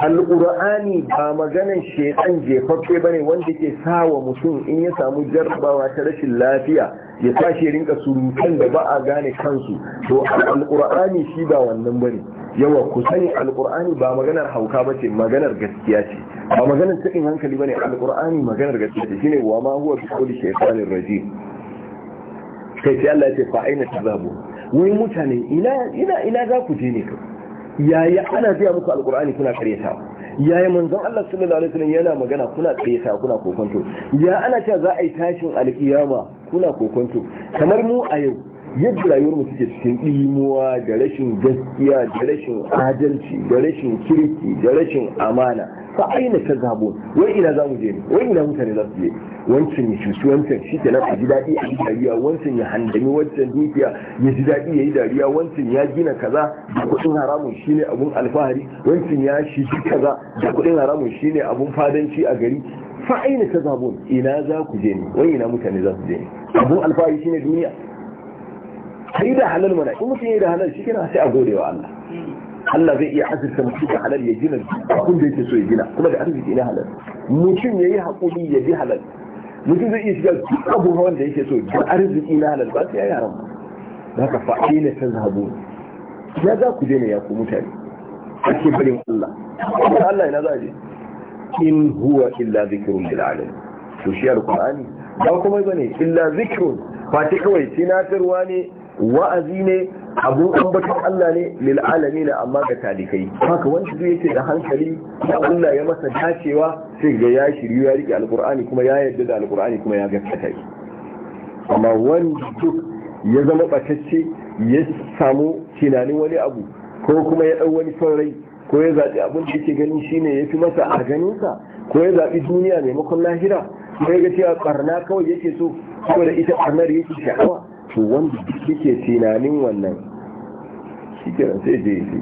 Al'urani ba maganin shekan jefaffe ba ne wanda ke sa wa mutum in ya samu jarrabawa ta rashin lafiya ya sa shi rinka surutan da ba a gane kansu to Al'urani shi ba wannan ba ne yawa ku sani Al'urani ba maganar hauka ba ce maganar gaskiya ce ba maganar cikin hankali ba ne Al'urani maganar gaskiya ce ne wa ma huwa bi qawli shaytanir rajim kai sai Allah ya ce fa aina tazabu wai mutane ina za ku je ne kawai yayi ana biya muku alqur'ani kuna karyata yayi manzon Allah sallallahu alaihi wasallam yana magana kuna karyata kuna kokonto ya ana cewa za a yi tashin alkiyama kuna kokonto kamar mu a yau yadda rayuwar mu suke cikin imuwa da rashin gaskiya da rashin adalci da rashin kirki da rashin amana fa aina ta zabo wai ina zamu je ne wai ina mutane za su je wancan ya shi wancan shi ke a ji daɗi a yi dariya wancan ya handami wancan dukiya ya ji daɗi ya yi dariya wancan ya gina kaza da kuɗin haramun shi ne abun alfahari wancan ya shi kaza da kuɗin haramun shi ne abun fadanci a gari fa aina ta zabo ina za ku je ne wai ina mutane za su je ne abun alfahari shi ne duniya sai da halal mana in mutum yi da halal shi kina sai a gode wa Allah Allah zai iya azurta mutum da halal ya gina abin da yake so ya gina kuma da arziki na halal mutum ya yi haƙuri ya bi halal mutum zai iya shiga duk abubuwan da yake so da arziki na halal ba sai ya yaran ba haka fa'ali ne san zahabu ya za ku daina ya ku mutane ake barin Allah kuma Allah yana za a je in huwa illa zikrun lil alamin to shi alqur'ani ba kuma bane illa zikrun ba ta kawai tinatarwa ne wa'azi ne abun ambatar Allah ne lil’alami na amma ga talikai haka wanda zai yake da hankali ya Allah ya masa dacewa sai ga ya shiryu ya riƙe Alƙur'ani kuma ya yarda da Alƙur'ani kuma ya gaskata shi amma Wani duk ya zama ɓatacce ya samu tunanin wani abu ko kuma ya ɗau wani son rai ko ya zaɓi abin da yake gani ne ya fi masa a ganinsa ko ya zaɓi duniya maimakon lahira ko ya ga cewa ƙarna kawai yake so da ita ƙarnar yake sha'awa to wanda yake tunanin wannan shi ke sai je shi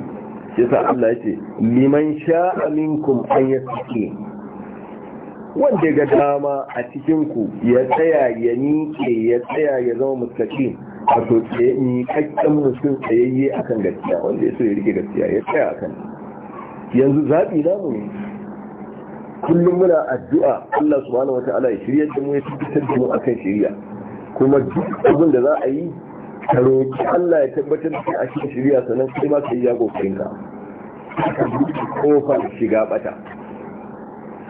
shi sa Allah ya ce liman sha'a minkum an yasake wanda ga dama a cikin ku ya tsaya ya nike ya tsaya ya zama a wato tsaye ni kakkan musu tsayayye akan gaskiya wanda ya so ya rike gaskiya ya tsaya akan yanzu zabi namu ne kullum muna addu'a Allah subhanahu wataala ya shirye da mu ya tabbatar da mu akan shirya. kuma duk abin da za a yi ta roƙi Allah ya tabbatar da a cikin shirya sannan kai ma sai ya kokarin ka ka kofa shiga bata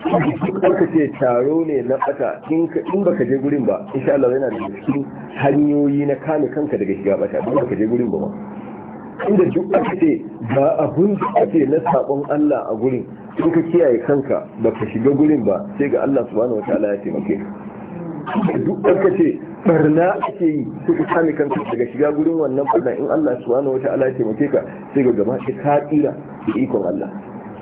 ka ce taro ne na bata in baka je gurin ba insha Allah yana da cikin hanyoyi na kame kanka daga shiga bata ba baka je gurin ba ma inda duk aka ce ba abun da ake na sabon Allah a gurin in ka kiyaye kanka baka shiga gurin ba sai ga Allah subhanahu wataala ya taimake ka duk aka ce barna ake yi su ku sami kanka daga shiga gurin wannan barna in Allah subhanahu wata ala ya taimake ka sai ga gama ka ka tsira da ikon Allah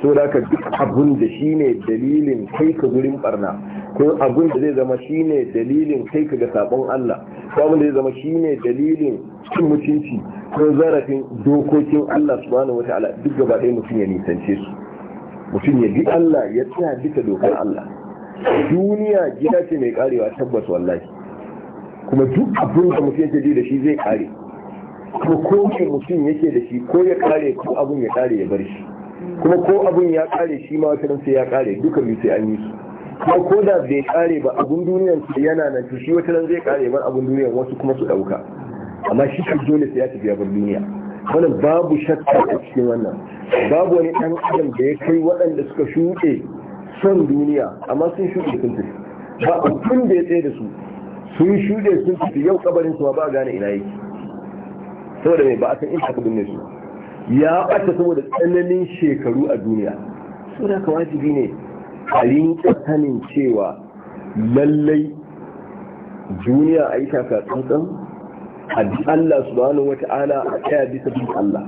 da ka duk abun da shine dalilin kai ka gurin barna ko abun da zai zama shine dalilin kai ka ga sabon Allah ko abun da zai zama shine dalilin cin mutunci ko zarafin dokokin Allah subhanahu wata ala duk gaba ɗaya mutum ya nisance su mutum ya bi Allah ya tsaya duka dokar Allah duniya gida ce mai karewa tabbas wallahi kuma duk abin da mutum yake da shi zai kare kuma ko ke mutum yake da shi ko ya kare ko abin ya kare ya bar shi kuma ko abin ya kare shi ma wata sai ya kare duka biyu sai an yi su kuma ko da bai kare ba abin duniyan su yana nan shi wata ran zai kare bar abin duniyan wasu kuma su dauka amma shi kan dole sai ya tafi ya bar duniya wannan babu shakka a cikin wannan babu wani dan adam da ya kai waɗanda suka shuɗe son duniya amma sun shuɗe sun tafi ba abin da ya tsaye da su sun shuɗe sun fi yau kabarin su ba gane ina yake saboda mai ba a san inda aka binne su ya ɓata saboda tsananin shekaru a duniya su da wajibi ne a rinka sanin cewa lallai duniya a yi taka tsantsan a bi Allah subhanahu wa ta'ala a tsaya bisa bin Allah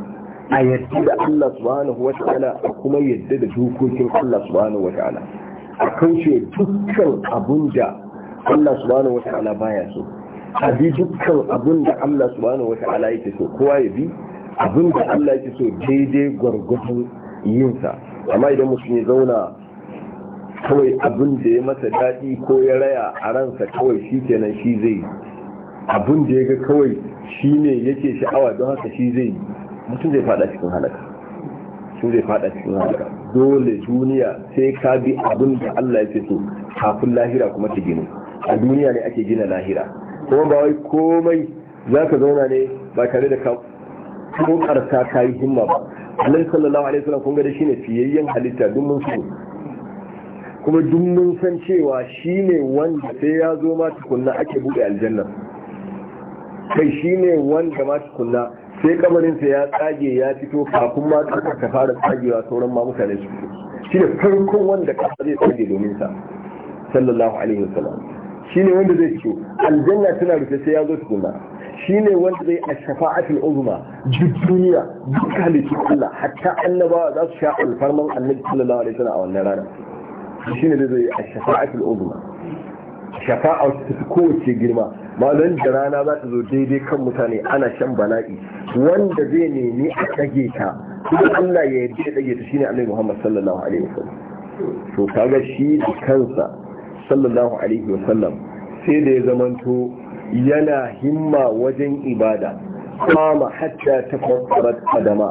a yadda da Allah subhanahu wa ta'ala a kuma yadda da dokokin Allah subhanahu wa ta'ala a kauce dukkan abun da Allah subhanahu wata'ala baya so a bi dukkan abin da Allah subhanahu wata'ala yake so kowa ya bi abin da Allah yake so daidai gwargwadon yinsa amma idan mutum ya zauna kawai abin da ya masa daɗi ko ya raya a ransa kawai shi kenan shi zai abin da ya ga kawai shi ne yake sha'awa don haka shi zai mutum zai fada cikin halaka mutum zai fada cikin halaka dole duniya sai ka bi abin da Allah ya so kafin lahira kuma ta gina. a duniya ne ake gina lahira kuma ba wai komai za ka zauna ne ba tare da kokarta ka yi himma ba Allah sallallahu alaihi wasallam kun ga shi shine fiyayyen halitta duk mun so kuma duk mun san cewa shine wanda sai ya zo ma tukunna ake bude aljanna kai shine wanda ma tukunna sai kabarinsa ya tsage ya fito kafin ma kasar ta fara tsagewa sauran ma mutane su shi ne farkon wanda kasa zai tsage domin sa sallallahu alaihi wasallam Shi ne wanda zai ce aljanna tana rufe sai ya zo Shi ne wanda zai a shafa'atul uzma duk duniya duk halittu Allah hatta annabawa za su sha alfarman annabi sallallahu alaihi wasallam a wannan rana shi ne zai a shafa'atul uzma shafa'a ta kowace girma don da rana za ta zo daidai kan mutane ana shan bala'i wanda zai nemi a tsage ta kuma Allah ya yarda ya tsage ta shine annabi Muhammad sallallahu alaihi wasallam to kaga shi da kansa sallallahu alaihi wasallam sai da ya zamanto yana himma wajen ibada kama hatta ta kwakwarar adama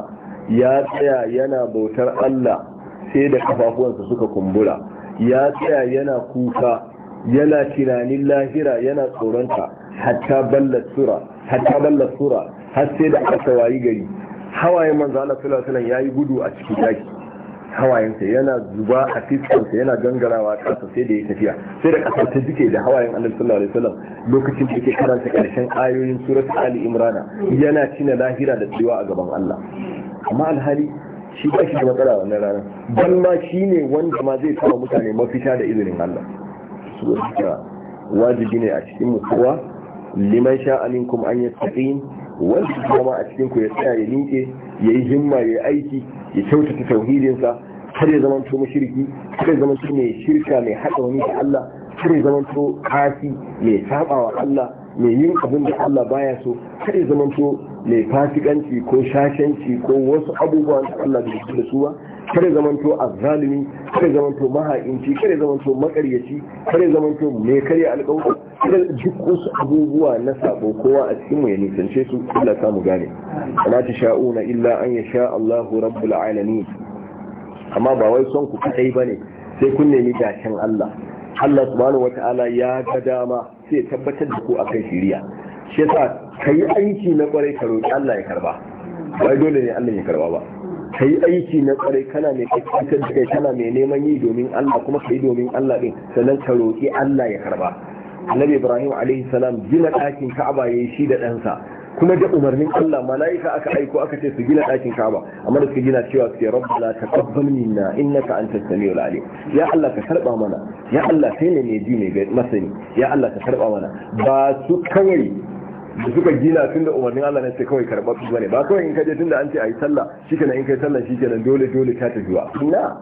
ya tsaya yana bautar Allah sai da kafafuwansa suka kumbura ya tsaya yana kuka yana tunanin lahira yana tsoronta hatta ballar sura hatta ballar sura har sai da aka wayi gari hawaye manzo Allah sallallahu alaihi wasallam yayi gudu a cikin daki hawayensa yana zuba a fiskansa yana gangarawa kasa sai da ya tafiya sai da kasar ta jike da hawayen annabi sallallahu alaihi wasallam lokacin da yake karanta karshen ayoyin surat ali imrana yana cina lahira da tsiwa a gaban Allah amma alhali shi ba shi da matsala wannan rana. ban ma shi ne wanda ma zai kama mutane mafita da izinin Allah su wajibi ne a cikin mu kowa liman kuma an yastaqim wanda kuma a cikin ku ya tsaya ya ninke ya yi himma ya yi aiki ya kyautata tauhidinsa har ya zama to mushriki har ya zama to mai shirka mai haɗa wani da Allah har ya zama to kasi mai sabawa Allah mai yin abin da Allah baya so har ya zama to mai fasikanci ko shashanci ko wasu abubuwan da Allah bai da su ba kare zamanto zalimi kare zamanto maha'inci kare zamanto makaryaci kare zamanto mai karya alƙawari kare duk wasu abubuwa na sabo kowa a cikin mu ya nisance su illa samu gane ana ta sha'una illa an ya sha Allahu rabbul alamin amma ba wai son ku ba ne, sai kun nemi gashin Allah Allah subhanahu wata'ala ya ga dama sai tabbatar da ku akan shiriya shi yasa kai aiki na kwarai ka roƙi Allah ya karba wai dole ne Allah ya karba ba ka yi aiki na tsare kana mai kakkantar da kai kana mai neman yi domin Allah kuma ka yi domin Allah ɗin sannan ka roƙi Allah ya karba annabi ibrahim alaihi gina ɗakin ka'aba yayi shi da ɗansa kuma da umarnin Allah mala'ika aka aiko aka ce su gina ɗakin Ka'aba amma da suka gina cewa su ce rabbana taqabbal minna innaka antas samiul alim ya Allah ka karba mana ya Allah kai ne mai ji mai masani ya Allah ka karba mana ba su kawai da suka gina tun da umarnin Allah ne sai kawai karɓar su bane ba kawai in kaje tun da an ce a yi sallah shi kenan in kai sallah shi kenan dole dole ta tafiwa ina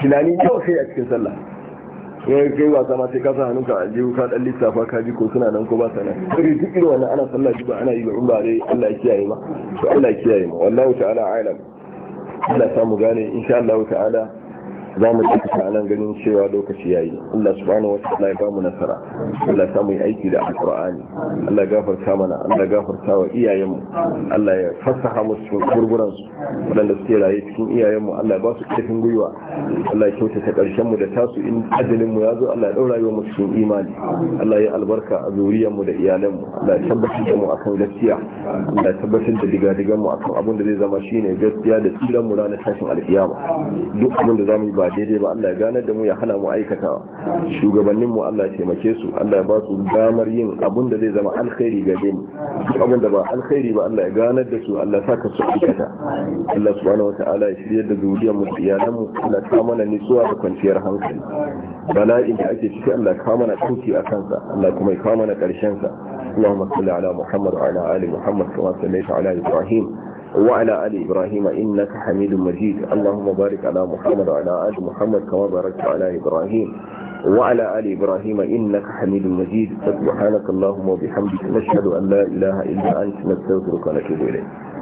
tunani yau sai a cikin sallah sai kai ba sama sai ka sa hannunka a ka dan lissafa ka ji ko suna nan ko ba sa nan sai duk irin wannan ana sallah ba ana yi ba in ba dai Allah ya kiyaye ma to Allah ya kiyaye ma wallahi ta'ala a'lam Allah ta samu gane insha Allah ta'ala za mu ci kusa nan ganin cewa lokaci ya yi Allah subhanahu wataala ya bamu nasara Allah ya samu aiki da alqur'ani Allah gafar gafarta mana Allah gafar gafarta wa iyayenmu Allah ya fassaha musu gurguran su wadanda suke raye cikin iyayenmu Allah ya ba su karfin gwiwa Allah ya kyautata karshen mu da tasu in ajalin mu ya zo Allah ya daura yau mu cikin imani Allah ya albarka a zuriyar mu da iyalan mu Allah ya tabbatar da mu akan gaskiya Allah ya tabbatar da diga digan mu akan abin da zai zama shine gaskiya da tsiran mu ranar tashin alƙiyama duk abin da mu yi ba daidai ba Allah ya ganar da mu ya hana mu aikatawa shugabannin mu Allah ya taimake su Allah ya ba su damar yin abun da zai zama alkhairi ga mu duk abun da ba alkhairi ba Allah ya ganar da su Allah saka su aikata Allah subhanahu wataala ya shirye da zuriyar mu iyalan mu Allah ta mana nutsuwa da kwanciyar hankali bala'in da ake ciki Allah ka mana a kansa Allah kuma ya ka mana karshen sa اللهم صل على محمد وعلى ال محمد كما صليت على ابراهيم وعلى آل إبراهيم إنك حميد مجيد اللهم بارك على محمد وعلى آل محمد كما باركت على إبراهيم وعلى آل إبراهيم إنك حميد مجيد سبحانك اللهم وبحمدك نشهد أن لا إله إلا أنت نستغفرك ونتوب إليك